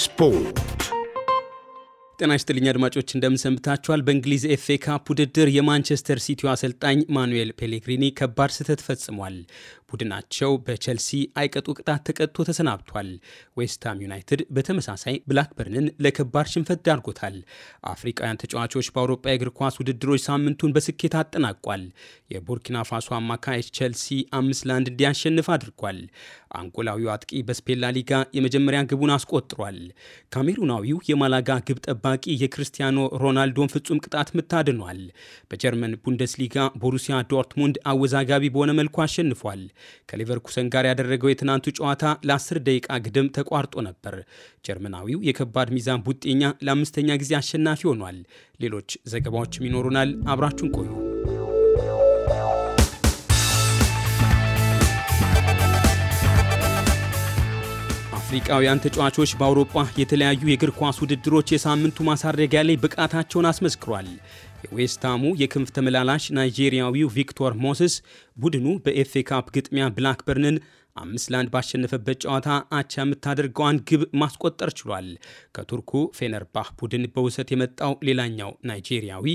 ስፖርት ጤና ይስጥልኝ አድማጮች፣ እንደምንሰንብታችኋል። በእንግሊዝ ኤፍ ካፕ ውድድር የማንቸስተር ሲቲው አሰልጣኝ ማኑኤል ፔሌግሪኒ ከባድ ስህተት ፈጽሟል። ቡድናቸው በቼልሲ አይቀጡ ቅጣት ተቀጥቶ ተሰናብቷል። ዌስትሃም ዩናይትድ በተመሳሳይ ብላክበርንን ለከባድ ሽንፈት ዳርጎታል። አፍሪቃውያን ተጫዋቾች በአውሮፓ የእግር ኳስ ውድድሮች ሳምንቱን በስኬት አጠናቋል። የቡርኪና ፋሶ አማካይ ቼልሲ አምስት ለአንድ እንዲያሸንፍ አድርጓል። አንጎላዊው አጥቂ በስፔን ሊጋ የመጀመሪያ ግቡን አስቆጥሯል። ካሜሩናዊው የማላጋ ግብ ጠባቂ የክርስቲያኖ ሮናልዶን ፍጹም ቅጣት ምት አድኗል። በጀርመን ቡንደስሊጋ ቦሩሲያ ዶርትሙንድ አወዛጋቢ በሆነ መልኩ አሸንፏል። ከሌቨርኩሰን ጋር ያደረገው የትናንቱ ጨዋታ ለ10 ደቂቃ ግድም ተቋርጦ ነበር። ጀርመናዊው የከባድ ሚዛን ቡጤኛ ለአምስተኛ ጊዜ አሸናፊ ሆኗል። ሌሎች ዘገባዎችም ይኖሩናል። አብራችሁን ቆዩ። አፍሪቃውያን ተጫዋቾች በአውሮፓ የተለያዩ የእግር ኳስ ውድድሮች የሳምንቱ ማሳረጊያ ላይ ብቃታቸውን አስመስክሯል። የዌስትሃሙ የክንፍ ተመላላሽ ናይጄሪያዊው ቪክቶር ሞስስ ቡድኑ በኤፌ ካፕ ግጥሚያ ብላክበርንን አምስት ለአንድ ባሸነፈበት ጨዋታ አቻ የምታደርገዋን ግብ ማስቆጠር ችሏል። ከቱርኩ ፌነርባህ ቡድን በውሰት የመጣው ሌላኛው ናይጄሪያዊ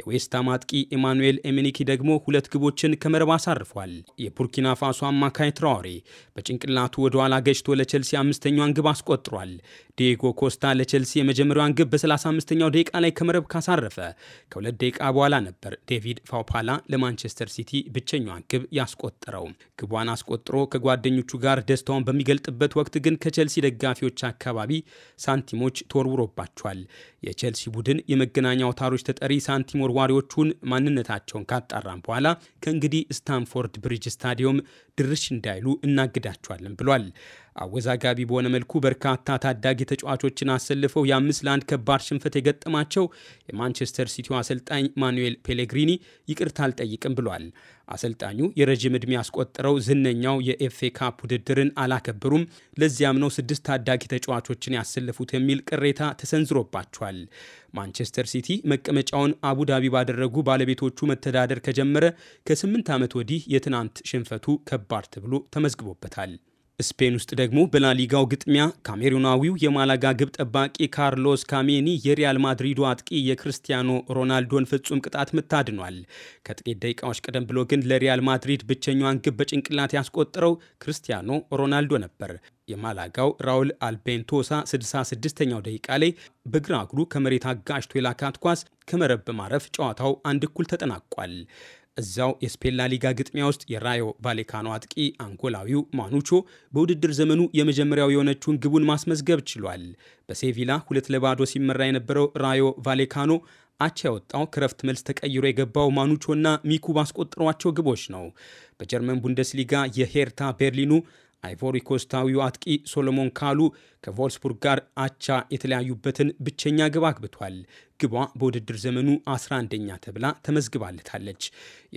የዌስትሃም አጥቂ ኢማኑኤል ኤሚኒኪ ደግሞ ሁለት ግቦችን ከመረብ አሳርፏል። የቡርኪና ፋሶ አማካይ ትራዋሬ በጭንቅላቱ ወደ ኋላ ገጭቶ ለቼልሲ አምስተኛዋን ግብ አስቆጥሯል። ዲየጎ ኮስታ ለቼልሲ የመጀመሪያዋን ግብ በ35ኛው ደቂቃ ላይ ከመረብ ካሳረፈ ከሁለት ደቂቃ በኋላ ነበር ዴቪድ ፋውፓላ ለማንቸስተር ሲቲ ብቸኛዋን ግብ ያስቆጠረው። ግቧን አስቆጥሮ ከጓ ከጓደኞቹ ጋር ደስታውን በሚገልጥበት ወቅት ግን ከቼልሲ ደጋፊዎች አካባቢ ሳንቲሞች ተወርውሮባቸዋል። የቼልሲ ቡድን የመገናኛ አውታሮች ተጠሪ ሳንቲም ወርዋሪዎቹን ማንነታቸውን ካጣራም በኋላ ከእንግዲህ ስታንፎርድ ብሪጅ ስታዲየም ድርሽ እንዳይሉ እናግዳቸዋለን ብሏል። አወዛጋቢ በሆነ መልኩ በርካታ ታዳጊ ተጫዋቾችን አሰልፈው የአምስት ለአንድ ከባድ ሽንፈት የገጠማቸው የማንቸስተር ሲቲው አሰልጣኝ ማኑኤል ፔሌግሪኒ ይቅርታ አልጠይቅም ብሏል። አሰልጣኙ የረዥም ዕድሜ ያስቆጠረው ዝነኛው የኤፍኤ ካፕ ውድድርን አላከበሩም፣ ለዚያም ነው ስድስት ታዳጊ ተጫዋቾችን ያሰለፉት የሚል ቅሬታ ተሰንዝሮባቸዋል። ማንቸስተር ሲቲ መቀመጫውን አቡዳቢ ባደረጉ ባለቤቶቹ መተዳደር ከጀመረ ከስምንት ዓመት ወዲህ የትናንት ሽንፈቱ ከባድ ተብሎ ተመዝግቦበታል። ስፔን ውስጥ ደግሞ በላሊጋው ግጥሚያ ካሜሩናዊው የማላጋ ግብ ጠባቂ ካርሎስ ካሜኒ የሪያል ማድሪዱ አጥቂ የክርስቲያኖ ሮናልዶን ፍጹም ቅጣት ምት አድኗል። ከጥቂት ደቂቃዎች ቀደም ብሎ ግን ለሪያል ማድሪድ ብቸኛዋን ግብ በጭንቅላት ያስቆጠረው ክርስቲያኖ ሮናልዶ ነበር። የማላጋው ራውል አልቤንቶሳ 66ኛው ደቂቃ ላይ በግራ እግሩ ከመሬት አጋጭቶ የላካት ኳስ ከመረብ በማረፍ ጨዋታው አንድ እኩል ተጠናቋል። እዚያው የስፔን ላሊጋ ግጥሚያ ውስጥ የራዮ ቫሌካኖ አጥቂ አንጎላዊው ማኑቾ በውድድር ዘመኑ የመጀመሪያው የሆነችውን ግቡን ማስመዝገብ ችሏል። በሴቪላ ሁለት ለባዶ ሲመራ የነበረው ራዮ ቫሌካኖ አቻ ያወጣው ክረፍት መልስ ተቀይሮ የገባው ማኑቾና ሚኩ ባስቆጠሯቸው ግቦች ነው። በጀርመን ቡንደስሊጋ የሄርታ ቤርሊኑ አይቮሪኮስታዊው አጥቂ ሶሎሞን ካሉ ከቮልስቡርግ ጋር አቻ የተለያዩበትን ብቸኛ ግብ አግብቷል። ግቧ በውድድር ዘመኑ 11ኛ ተብላ ተመዝግባለታለች።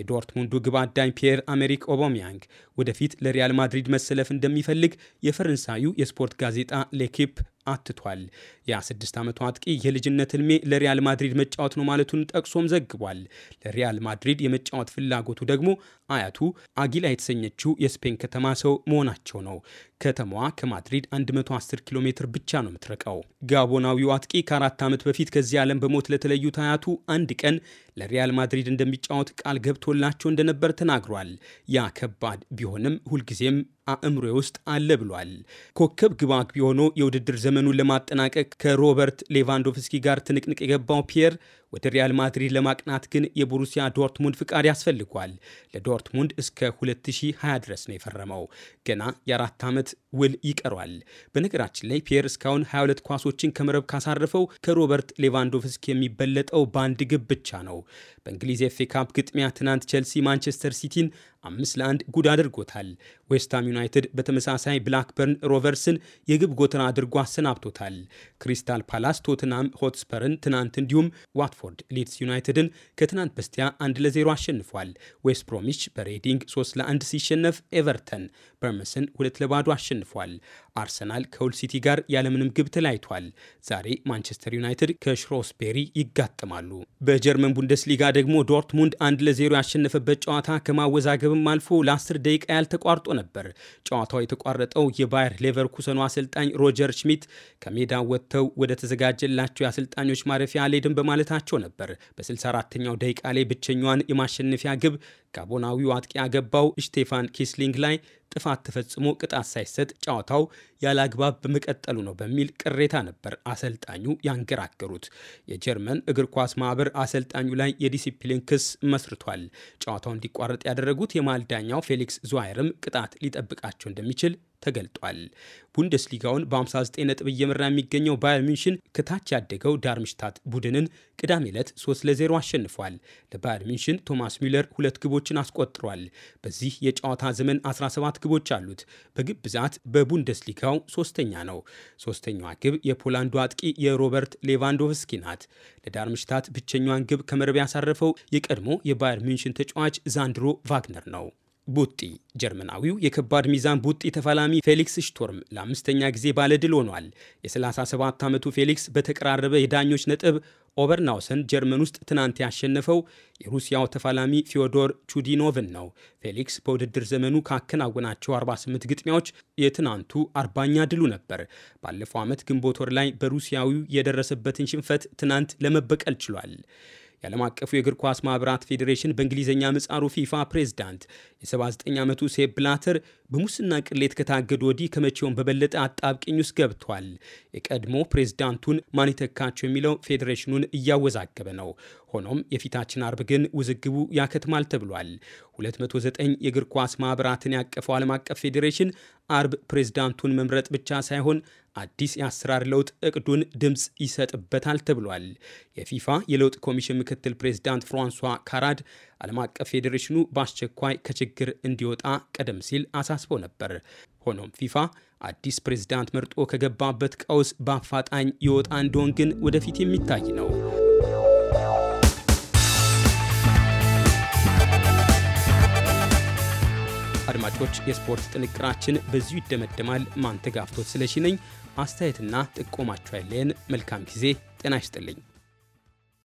የዶርትሙንዱ ግብ አዳኝ ፒየር አሜሪክ ኦቦሚያንግ ወደፊት ለሪያል ማድሪድ መሰለፍ እንደሚፈልግ የፈረንሳዩ የስፖርት ጋዜጣ ሌኪፕ አትቷል። የ26 ዓመቱ አጥቂ የልጅነት ዕድሜ ለሪያል ማድሪድ መጫወት ነው ማለቱን ጠቅሶም ዘግቧል። ለሪያል ማድሪድ የመጫወት ፍላጎቱ ደግሞ አያቱ አጊላ የተሰኘችው የስፔን ከተማ ሰው መሆናቸው ነው። ከተማዋ ከማድሪድ 110 ኪሎ ሜትር ብቻ ነው የምትርቀው። ጋቦናዊው አጥቂ ከአራት ዓመት በፊት ከዚህ ዓለም በሞት ለተለዩት አያቱ አንድ ቀን ለሪያል ማድሪድ እንደሚጫወት ቃል ገብቶላቸው እንደነበር ተናግሯል። ያ ከባድ ቢሆንም ሁልጊዜም አእምሮዬ ውስጥ አለ ብሏል። ኮከብ ግባግቢ ሆኖ የውድድር ዘመኑን ለማጠናቀቅ ከሮበርት ሌቫንዶቭስኪ ጋር ትንቅንቅ የገባው ፒየር ወደ ሪያል ማድሪድ ለማቅናት ግን የቦሩሲያ ዶርትሙንድ ፍቃድ ያስፈልጓል። ለዶርትሙንድ እስከ 2020 ድረስ ነው የፈረመው። ገና የአራት ዓመት ውል ይቀሯል። በነገራችን ላይ ፒየር እስካሁን 22 ኳሶችን ከመረብ ካሳረፈው ከሮበርት ሌቫንዶቭስኪ የሚበለጠው በአንድ ግብ ብቻ ነው። በእንግሊዝ ኤፍ ኤ ካፕ ግጥሚያ ትናንት ቼልሲ ማንቸስተር ሲቲን አምስት ለአንድ ጉድ አድርጎታል። ዌስትሃም ዩናይትድ በተመሳሳይ ብላክበርን ሮቨርስን የግብ ጎተራ አድርጎ አሰናብቶታል። ክሪስታል ፓላስ ቶትናም ሆትስፐርን ትናንት እንዲሁም ዋትፎ ብሬንትፎርድ ሊድስ ዩናይትድን ከትናንት በስቲያ አንድ ለዜሮ አሸንፏል። ዌስት ብሮሚች በሬዲንግ 3 ለአንድ ሲሸነፍ ኤቨርተን በርመስን ሁለት ለባዶ አሸንፏል። አርሰናል ከሁል ሲቲ ጋር ያለምንም ግብ ተለያይቷል። ዛሬ ማንቸስተር ዩናይትድ ከሽሮስቤሪ ይጋጥማሉ። በጀርመን ቡንደስሊጋ ደግሞ ዶርትሙንድ አንድ ለዜሮ ያሸነፈበት ጨዋታ ከማወዛገብም አልፎ ለ10 ደቂቃ ያህል ተቋርጦ ነበር። ጨዋታው የተቋረጠው የባየር ሌቨርኩሰኑ አሰልጣኝ ሮጀር ሽሚት ከሜዳ ወጥተው ወደ ተዘጋጀላቸው የአሰልጣኞች ማረፊያ አልሄድም በማለታቸው ነበር። በ64ኛው ደቂቃ ላይ ብቸኛዋን የማሸነፊያ ግብ ጋቦናዊው አጥቂ ያገባው ስቴፋን ኪስሊንግ ላይ ጥፋት ተፈጽሞ ቅጣት ሳይሰጥ ጨዋታው ያለ አግባብ በመቀጠሉ ነው በሚል ቅሬታ ነበር አሰልጣኙ ያንገራገሩት። የጀርመን እግር ኳስ ማህበር አሰልጣኙ ላይ የዲሲፕሊን ክስ መስርቷል። ጨዋታው እንዲቋረጥ ያደረጉት የማልዳኛው ፌሊክስ ዙዋይርም ቅጣት ሊጠብቃቸው እንደሚችል ተገልጧል። ቡንደስሊጋውን በ59 ነጥብ እየመራ የሚገኘው ባየር ሚንሽን ከታች ያደገው ዳርምሽታት ቡድንን ቅዳሜ ዕለት 3 ለ0 አሸንፏል። ለባየር ሚንሽን ቶማስ ሚለር ሁለት ግቦችን አስቆጥሯል። በዚህ የጨዋታ ዘመን 17 ግቦች አሉት። በግብ ብዛት በቡንደስሊጋው ሶስተኛ ነው። ሶስተኛዋ ግብ የፖላንዱ አጥቂ የሮበርት ሌቫንዶቭስኪ ናት። ለዳርምሽታት ብቸኛዋን ግብ ከመረብ ያሳረፈው የቀድሞ የባየር ሚንሽን ተጫዋች ዛንድሮ ቫግነር ነው። ቡጢ ጀርመናዊው የከባድ ሚዛን ቡጢ ተፋላሚ ፌሊክስ ሽቶርም ለአምስተኛ ጊዜ ባለድል ሆኗል። የ37 ዓመቱ ፌሊክስ በተቀራረበ የዳኞች ነጥብ ኦበርናውሰን ጀርመን ውስጥ ትናንት ያሸነፈው የሩሲያው ተፋላሚ ፊዮዶር ቹዲኖቭን ነው። ፌሊክስ በውድድር ዘመኑ ካከናወናቸው 48 ግጥሚያዎች የትናንቱ አርባኛ ድሉ ነበር። ባለፈው ዓመት ግንቦት ወር ላይ በሩሲያዊው የደረሰበትን ሽንፈት ትናንት ለመበቀል ችሏል። የዓለም አቀፉ የእግር ኳስ ማኅበራት ፌዴሬሽን በእንግሊዝኛ ምጻሩ ፊፋ ፕሬዝዳንት የ79 ዓመቱ ሴፕ ብላተር በሙስና ቅሌት ከታገዱ ወዲህ ከመቼውም በበለጠ አጣብቅኝ ውስጥ ገብቷል። የቀድሞ ፕሬዝዳንቱን ማን ይተካቸው የሚለው ፌዴሬሽኑን እያወዛገበ ነው። ሆኖም የፊታችን አርብ ግን ውዝግቡ ያከትማል ተብሏል። 209 የእግር ኳስ ማኅበራትን ያቀፈው ዓለም አቀፍ ፌዴሬሽን አርብ ፕሬዝዳንቱን መምረጥ ብቻ ሳይሆን አዲስ የአሰራር ለውጥ እቅዱን ድምፅ ይሰጥበታል ተብሏል። የፊፋ የለውጥ ኮሚሽን ምክትል ፕሬዝዳንት ፍራንሷ ካራድ ዓለም አቀፍ ፌዴሬሽኑ በአስቸኳይ ከችግር እንዲወጣ ቀደም ሲል አሳስቦ ነበር። ሆኖም ፊፋ አዲስ ፕሬዝዳንት መርጦ ከገባበት ቀውስ በአፋጣኝ ይወጣ እንደሆን ግን ወደፊት የሚታይ ነው። ተመልካቾች፣ የስፖርት ጥንቅራችን በዚሁ ይደመደማል። ማንተጋፍቶት ስለሺ ነኝ። አስተያየትና ጥቆማችሁ ያለን መልካም ጊዜ። ጤና ይስጥልኝ።